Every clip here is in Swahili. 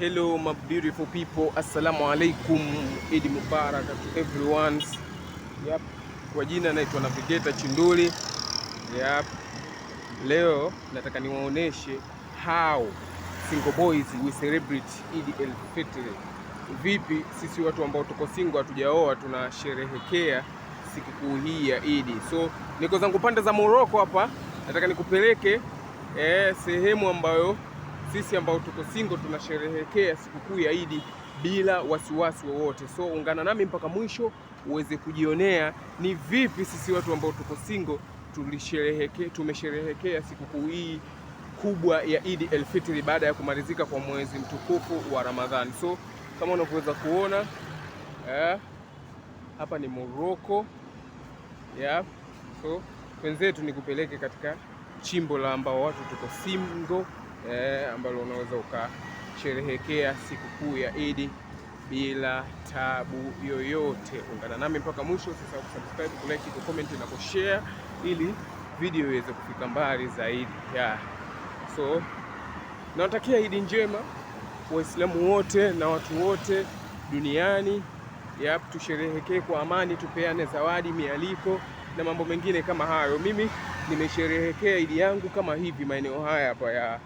Hello my beautiful people, assalamu alaikum, Eid Mubarak to everyone. Yep. Kwa jina naitwa Navigator Chinduli. Yep. Leo nataka niwaoneshe how single boys we celebrate Eid el Fitr. Vipi sisi watu ambao tuko single hatujaoa tunasherehekea sikukuu hii ya Eid. So niko zangu pande za Morocco hapa, nataka nikupeleke eh, sehemu ambayo sisi ambao tuko single tunasherehekea sikukuu ya Idi bila wasiwasi wowote. So ungana nami mpaka mwisho uweze kujionea ni vipi sisi watu ambao tuko single tulisherehekea, tumesherehekea sikukuu hii kubwa ya Idi Elfitri baada ya kumalizika kwa mwezi mtukufu wa Ramadhani. So kama unavyoweza kuona eh, hapa ni Morocco yeah. So wenzetu, nikupeleke katika chimbo la ambao watu tuko single eh, ambalo unaweza ukasherehekea sikukuu ya Idi bila tabu yoyote. Ungana nami mpaka mwisho. Usisahau kusubscribe, kulike, kucomment na kushare ili video iweze kufika mbali zaidi yeah. So nawatakia Idi njema Waislamu wote na watu wote duniani. Yap, tusherehekee kwa amani, tupeane zawadi, mialiko na mambo mengine kama hayo. Mimi nimesherehekea Idi yangu kama hivi maeneo haya hapa ya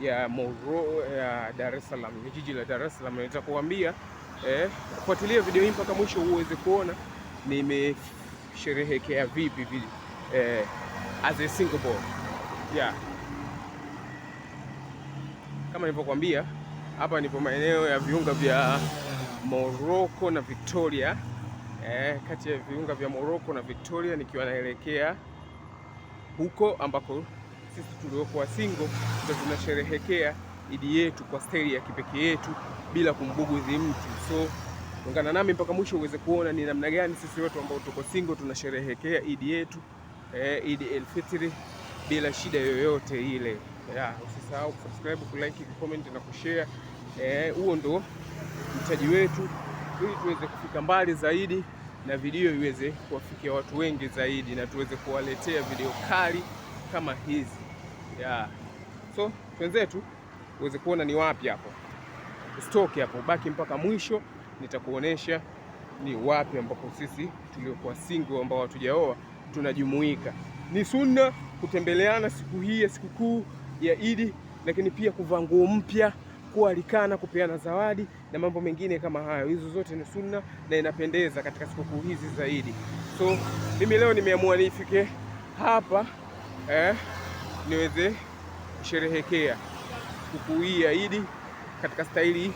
ya Moro ya Dar es Salaam, jiji la Dar es Salaam. Nitakuambia eh, fuatilia video hii mpaka mwisho uweze kuona nimesherehekea vipi vile eh, as a single boy. Yeah. Kama nilivyokuambia hapa nipo maeneo ya viunga vya Morocco na Victoria eh, kati ya viunga vya Morocco na Victoria nikiwa naelekea huko ambako sisi tuliokuwa single ndio tunasherehekea Idi yetu kwa staili ya kipekee yetu bila kumbuguzi mtu. So ungana nami mpaka mwisho uweze kuona ni namna gani sisi watu ambao tuko single tunasherehekea Idi yetu eh, Idi elfitri bila shida yoyote ile. Yeah, usisahau kusubscribe, kulike, kucomment na kushare. Eh, huo eh, ndo mtaji wetu ili tuweze kufika mbali zaidi na video iweze kuwafikia watu wengi zaidi na tuweze kuwaletea video kali kama hizi yeah. So twenzetu uweze kuona ni wapi hapo, usitoke hapo, ubaki mpaka mwisho, nitakuonesha ni wapi ambapo sisi tuliokuwa single ambao hatujaoa tunajumuika. Ni sunna kutembeleana siku hii ya sikukuu ya Idi, lakini pia kuvaa nguo mpya, kualikana, kupeana zawadi na mambo mengine kama hayo. Hizo zote ni sunna na inapendeza katika sikukuu hizi zaidi. So mimi leo nimeamua nifike hapa eh, niweze kusherehekea sikukuu hii ya Idi katika staili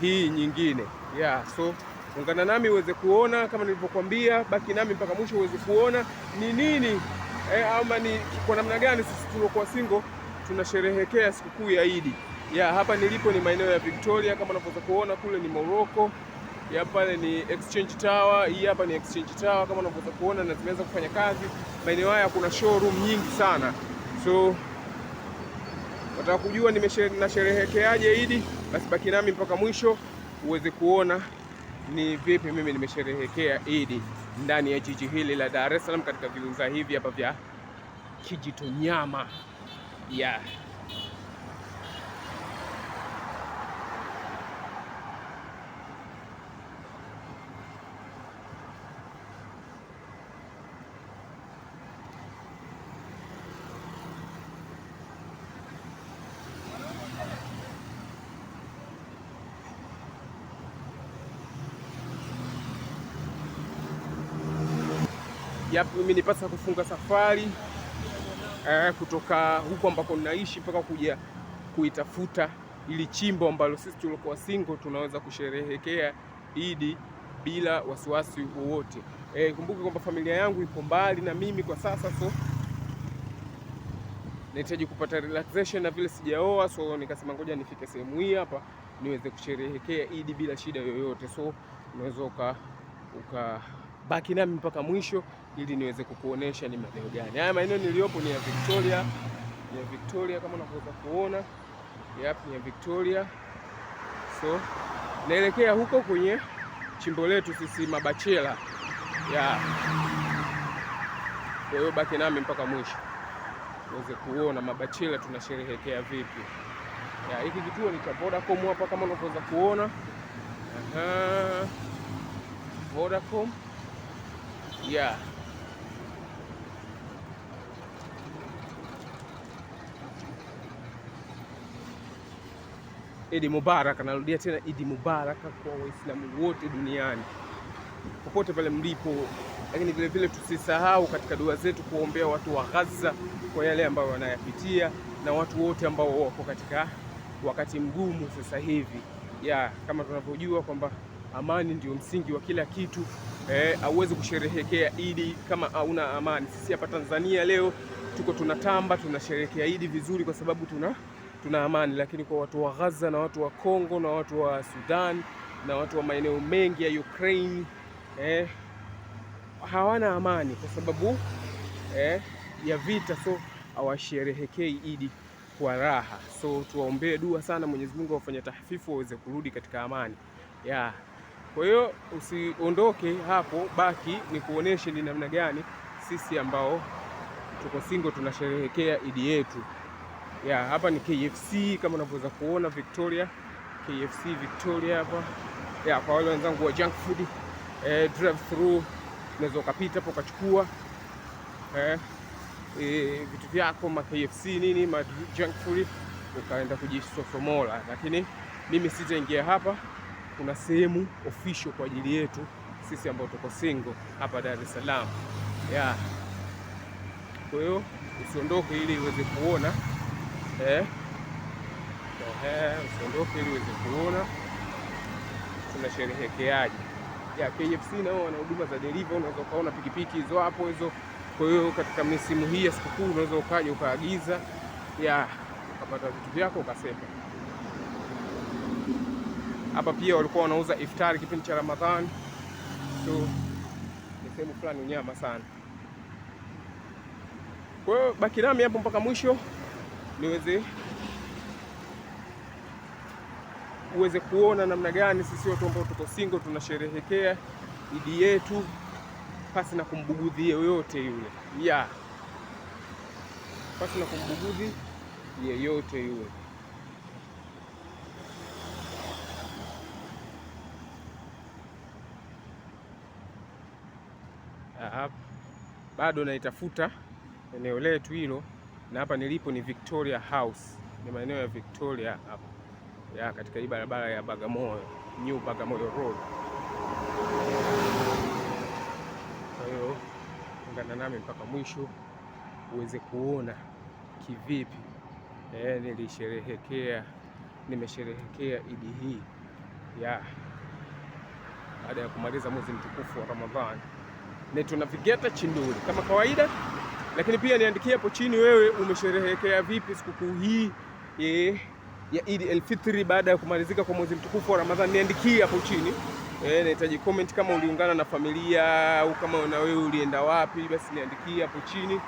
hii nyingine yeah. So ungana nami uweze kuona kama nilivyokuambia, baki nami mpaka mwisho uweze kuona ni nini eh, ama ni kwa namna gani sisi tuliokuwa single tunasherehekea sikukuu ya Idi ya hapa nilipo ni maeneo ya Victoria, kama unavyoweza kuona kule ni Morocco, ya pale ni Exchange Tower, hii hapa ni Exchange Tower kama unavyoweza kuona, na tumeweza kufanya kazi maeneo haya. Kuna showroom nyingi sana So nataka kujua nasherehekeaje Idi, basi baki nami mpaka mwisho uweze kuona ni vipi mimi nimesherehekea Idi ndani ya jiji hili la Dar es Salaam katika viunza hivi hapa vya Kijitonyama yeah. japo mimi nipasa kufunga safari eh, kutoka huko ambako ninaishi mpaka kuja kuitafuta ili chimbo ambalo sisi tulikuwa single tunaweza kusherehekea Idi bila wasiwasi wowote. Eh, kumbuke kwamba familia yangu iko mbali na mimi kwa sasa, so nahitaji kupata relaxation na vile sijaoa, so nikasema ngoja nifike sehemu hii hapa niweze kusherehekea Idi bila shida yoyote. So unaweza uka ukabaki nami mpaka mwisho ili niweze kukuonesha ni maeneo gani. Haya maeneo niliyopo ni ya Victoria, ni ya Victoria kama unavyoweza kuona. Yep, ni ya Victoria. So naelekea huko kwenye chimbo letu sisi mabachela ya kwa hiyo baki nami mpaka mwisho uweze kuona mabachela tunasherehekea vipi. Ya, hiki kituo ni cha Vodacom hapa kama unavyoweza kuona. Aha. Vodacom. Yeah. Idi Mubarak. narudia tena Idi Mubaraka kwa Waislamu wote duniani popote pale mlipo, lakini vile vile tusisahau katika dua zetu kuombea watu wa Gaza kwa yale ambayo wanayapitia na watu wote ambao wako katika wakati mgumu sasa hivi ya kama tunavyojua kwamba amani ndio msingi wa kila kitu. Eh, hauwezi kusherehekea Idi kama hauna amani. Sisi hapa Tanzania leo tuko tunatamba tunasherehekea Idi vizuri kwa sababu tuna tuna amani, lakini kwa watu wa Gaza na watu wa Kongo na watu wa Sudan na watu wa maeneo mengi ya Ukraine eh, hawana amani kwa sababu eh, ya vita, so hawasherehekei Idi kwa raha. So tuwaombee dua sana, Mwenyezi Mungu awafanye tahfifu waweze kurudi katika amani yeah. Kwa hiyo usiondoke hapo, baki ni kuoneshe ni namna gani sisi ambao tuko single tunasherehekea Idi yetu yeah, hapa ni KFC kama unavyoweza kuona Victoria, KFC Victoria hapa yeah, kwa wale wenzangu wa junk food eh, drive through unaweza ukapita hapo ukachukua eh, eh, vitu vyako ma KFC nini ma junk food ukaenda kujisosomola, lakini mimi sitaingia hapa. Kuna sehemu official kwa ajili yetu sisi ambao tuko single hapa Dar es Salaam yeah. Kwa hiyo usiondoke ili uweze kuona eh, usiondoke ili uweze kuona tunasherehekeaje. Ya KFC nao wana huduma za delivery, unaweza ukaona pikipiki hizo hapo hizo. Kwa hiyo katika misimu hii ya sikukuu unaweza ukaja ukaagiza, ya ukapata vitu vyako ukasepa. Hapa pia walikuwa wanauza iftari kipindi cha Ramadhani, so ni sehemu fulani unyama sana. Kwa hiyo baki nami hapo mpaka mwisho niweze uweze kuona namna gani sisi watu ambao tuko single tunasherehekea Idi yetu pasi na kumbugudhi yeyote yule ya Pasi na kumbugudhi yeyote yule. Ah, bado naitafuta eneo letu hilo na hapa nilipo ni Victoria House, ni maeneo ya Victoria hapa ya katika hii barabara ya Bagamoyo, New Bagamoyo Road. Kwa hiyo ungana nami mpaka mwisho uweze kuona kivipi eh, nilisherehekea nimesherehekea Idi hii ya baada ya kumaliza mwezi mtukufu wa Ramadhani. Ni tunavigeta Chinduli kama kawaida. Lakini pia niandikie hapo chini wewe umesherehekea vipi sikukuu hii eh, ya Eid al fitri baada ya kumalizika kwa mwezi mtukufu wa Ramadhani. Niandikie hapo chini eh, nahitaji comment kama uliungana na familia au kama na wewe ulienda wapi, basi niandikie hapo chini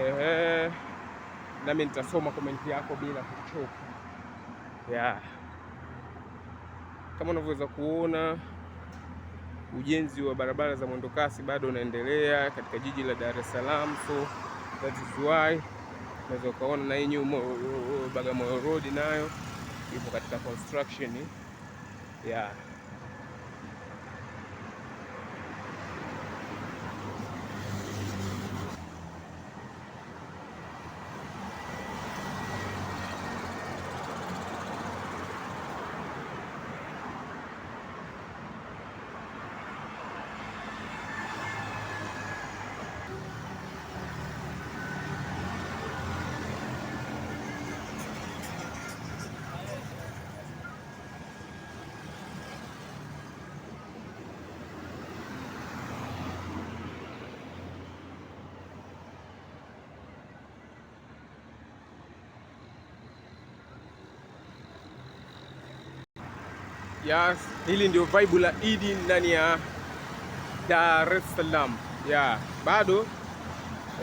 e, nami nitasoma comment yako bila kuchoka yeah. Kama unavyoweza kuona ujenzi wa barabara za mwendokasi bado unaendelea katika jiji la Dar es Salaam so that is why unaweza ukaona na hii new Bagamoyo road nayo ipo katika construction ya yeah. yes. Hili ndio vibe la Idi ndani ya Dar es Salaam yeah. Bado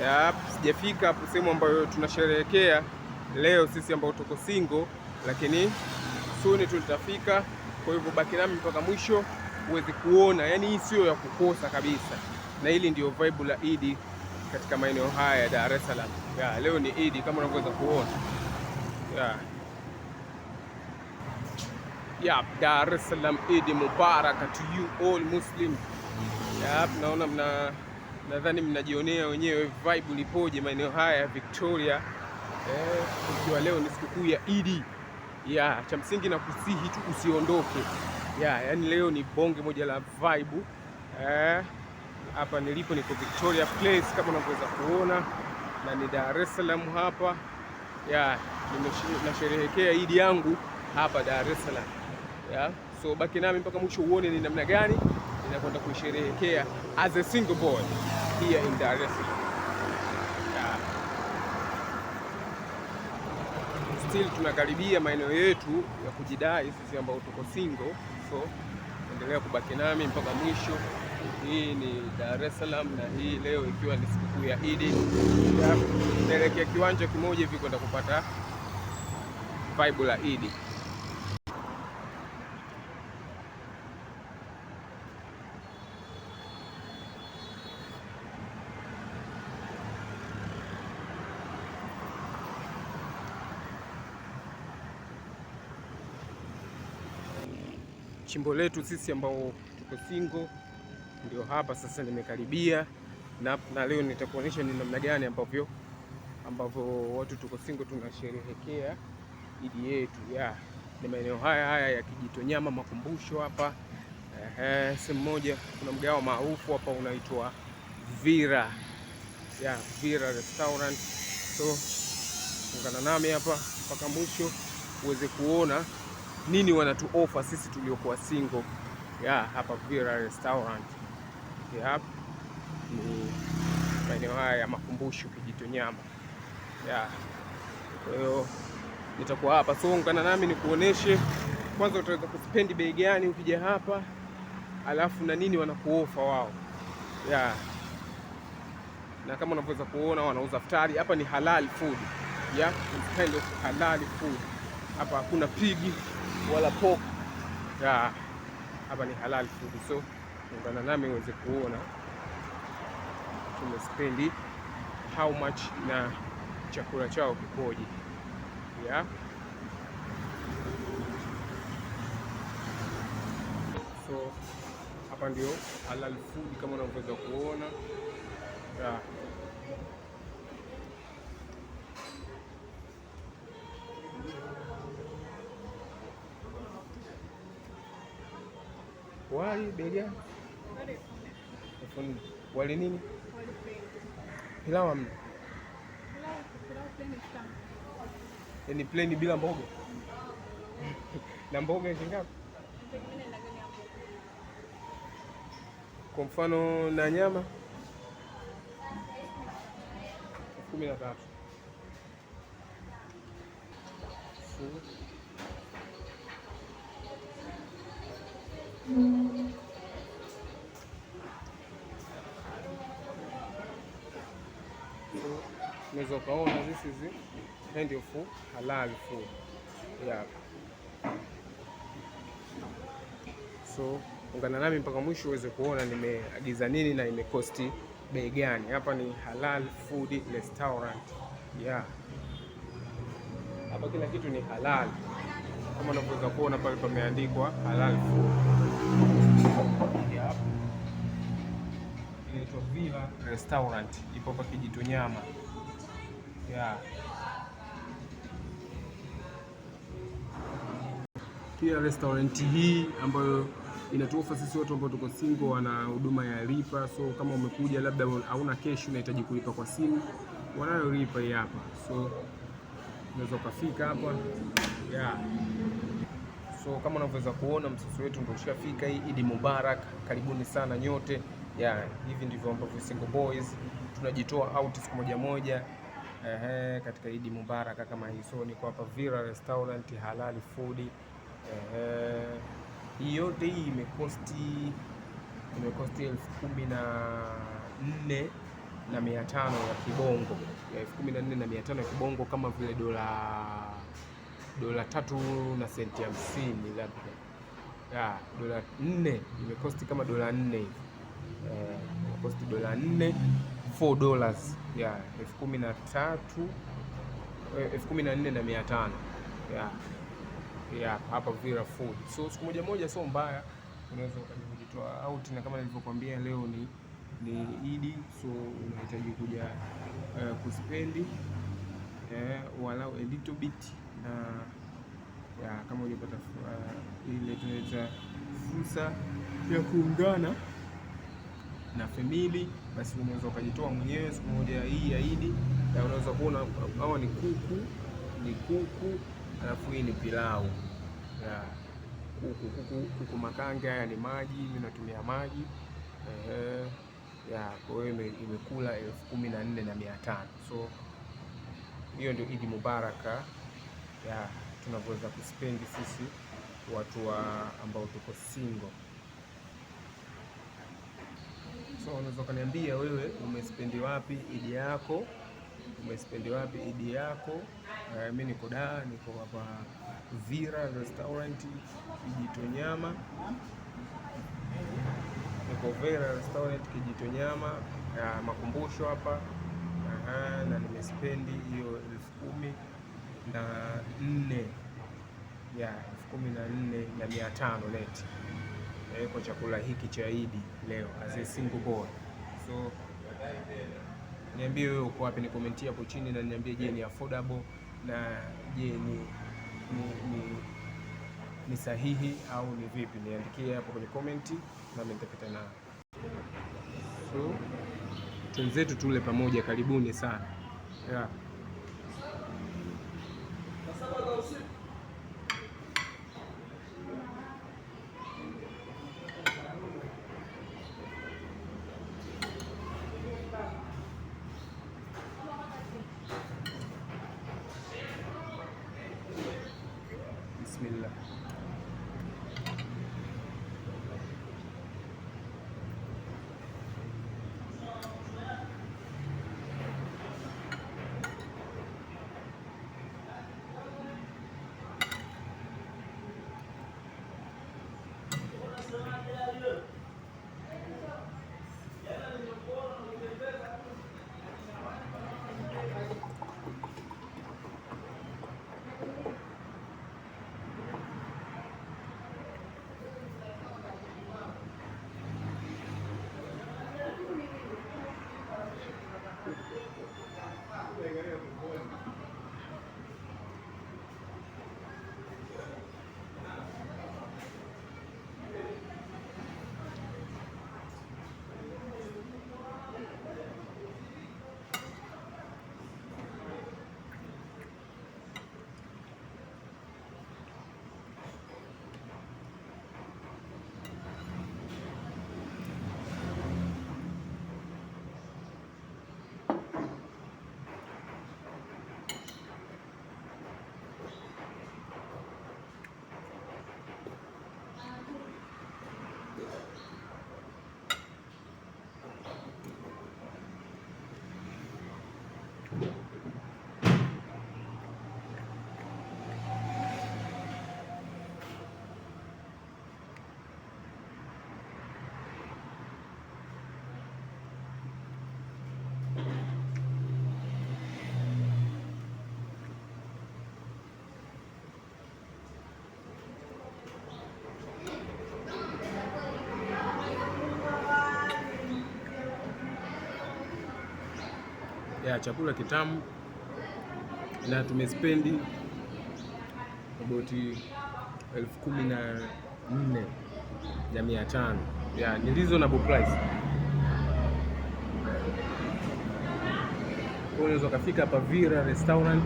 yeah, sijafika hapo sehemu ambayo tunasherehekea leo sisi ambao tuko single, lakini soon tutafika. Kwa hivyo baki nami mpaka mwisho uweze kuona, yaani hii siyo ya kukosa kabisa, na hili ndio vibe la Idi katika maeneo haya ya Dar es Salaam yeah. Leo ni Idi kama unavyoweza kuona yeah. Yep, Dar es Salaam, Eid Mubarak to you all Muslim. Yep, naona mna nadhani mnajionea wenyewe vibe lipoje maeneo haya ya Victoria eh, ikiwa leo ni sikukuu ya Eid. Yeah, cha msingi na kusihi tu usiondoke. Yeah, yani leo ni bonge moja la vibe. Eh, hapa nilipo niko Victoria Place kama unavyoweza kuona na ni Dar es Salaam hapa. Yeah, nasherehekea Eid yangu hapa Dar es Salaam yeah. So baki nami mpaka mwisho uone ni namna gani ninakwenda kusherehekea as a single boy here in Dar es Salaam. Still tunakaribia maeneo yetu ya kujidai sisi ambao tuko single, so endelea kubaki nami mpaka mwisho. Hii ni Dar es Salaam na hii leo ikiwa ni sikukuu ya Idi, naelekea kiwanja kimoja hivi kwenda kupata vibe la Idi. chimbo letu sisi ambao tuko single ndio hapa sasa nimekaribia na, na leo nitakuonyesha ni namna gani ambavyo ambavyo watu tuko single tunasherehekea Idi yetu ya ni maeneo haya haya ya Kijitonyama makumbusho hapa eh, sehemu moja kuna mgao maarufu hapa unaitwa Vira ya Vira Restaurant. So ungana nami hapa mpaka mwisho uweze kuona nini wanatuofa sisi tuliokuwa single yeah, hapa Villa Restaurant yeah, ni maeneo haya ya makumbusho Kijitonyama yeah. Kwa hiyo nitakuwa hapa, so ungana nami nikuoneshe kwanza utaweza kuspendi bei gani ukija hapa, alafu na nini wanakuofa wao yeah. Na kama unavyoweza kuona wanauza futari hapa, ni halal food yeah, kind of halal food hapa, hakuna pigi wala pork. Ya, hapa ni halal food, so ungana nami uweze kuona tumespendi how much na chakula chao kikoje. Ya, So hapa ndio halal food kama unavyoweza kuona ya. wali belia wali nini pilau amna, ni yaani pleni bila mboga na mboga shingapi? Kwa mfano na nyama kumi na tatu. kind of halal food. Yeah. So ungana nami mpaka mwisho uweze kuona nimeagiza nini na imekosti bei gani. Hapa ni halal food restaurant. Yeah. Hapa kila kitu ni halal kama unavyoweza kuona pale pameandikwa halal food. Inaitwa Villa Restaurant, ipo hapa Kijitonyama. Yeah. pia restaurant hii ambayo inatuofa sisi watu ambao tuko single, wana huduma ya lipa. So kama umekuja labda hauna cash, unahitaji kulipa kwa simu, wanayo lipa hii hapa. So unaweza ukafika hapa yeah. So kama unavyoweza kuona msisi wetu ndio ushafika. Hii Idi Mubarak, karibuni sana nyote ya yeah. Hivi ndivyo ambavyo single boys tunajitoa out siku moja moja ehe, katika Idi Mubarak kama hii. So niko hapa Vira Restaurant halali food hii yote hii imekosti imekosti elfu kumi na nne na mia tano ya kibongo, elfu kumi na nne na mia tano ya kibongo, kama vile dola dola tatu na senti hamsini labda dola nne imekosti kama dola nne hivi eh, imekosti dola nne four dollars ya elfu kumi na tatu eh, elfu kumi na nne na mia tano ya yeah, hapa Vira Food. So siku moja moja sio mbaya, unaweza ukajitoa out, na kama nilivyokuambia leo ni ni Idi, so unahitaji kuja uh, kuspendi yeah, walau a little bit na ya, kama hujapata uh, ile tunaita fursa ya kuungana na family basi unaweza ukajitoa mwenyewe siku moja hii ya Idi, na unaweza kuona hawa ni kuku ni kuku Alafu hii ni pilau ya kuku kuku kuku makange. Haya ni maji, mimi natumia maji ehe, ya kwa hiyo imekula elfu kumi na nne na mia tano. So hiyo ndio Idi Mubaraka ya tunavyoweza kuspendi sisi watu wa ambao tuko single. So unaweza kaniambia wewe umespendi wapi idi yako? umespendi wapi idi yako? Uh, mimi niko da, niko hapa Vira restaurant Kijito Nyama, niko Vira restaurant Kijito Kijitonyama, uh, makumbusho hapa uh, na nimespendi hiyo elfu kumi na nne ya elfu kumi na nne na mia tano leti kwa chakula hiki cha Idi leo as a single boy so Niambie wewe uko wapi, ni comment hapo chini na niambie, je, ni affordable na je, ni ni, ni ni sahihi au ni vipi? Niandikie hapo kwenye comment na nitapita na So, twenzetu tule pamoja, karibuni sana yeah. ya chakula kitamu, na tumespendi about elfu kumi na nne ya mia tano ya ni reasonable price. Unaweza ukafika hapa Vira Restaurant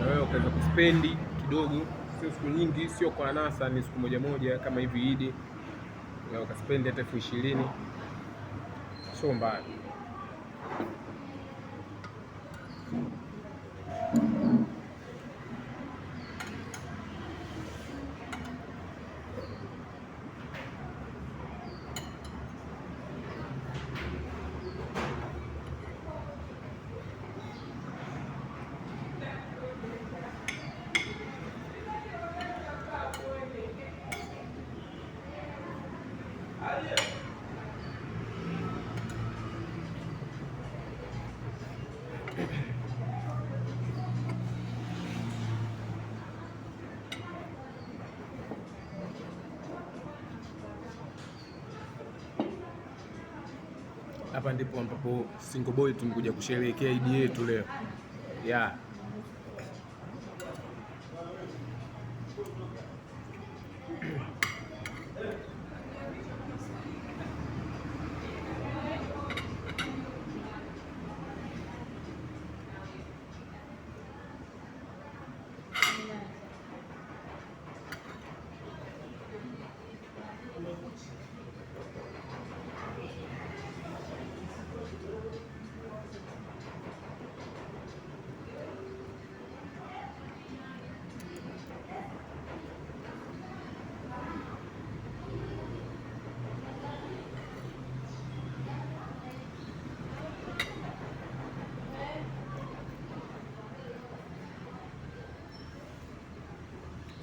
na wewe ukaweza kuspendi kidogo, sio siku nyingi, sio kwa nasa, ni siku moja moja kama hivi Idi, na ukaspendi hata elfu ishirini sio mbaya. hapa ndipo ambapo Single Boy tumekuja kusherehekea Idi yetu leo yeah.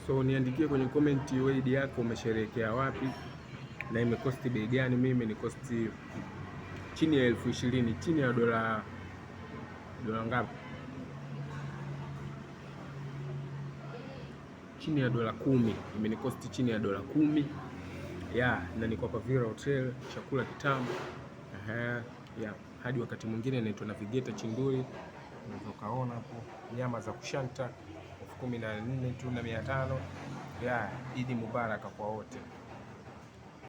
So niandikie kwenye komenti wedi yako umesherehekea wapi na imekosti bei gani? Mimi ni kosti chini ya elfu ishirini chini ya dola dola ngapi? Chini ya dola kumi, imenikosti chini ya dola kumi ya yeah, na niko hapa Vira Hotel, chakula kitamu yeah. Hadi wakati mwingine, naitwa Navigator Chinduri, unaweza ukaona hapo nyama za kushanta elfu kumi na nne tu na mia tano ya Idi mubaraka kwa wote.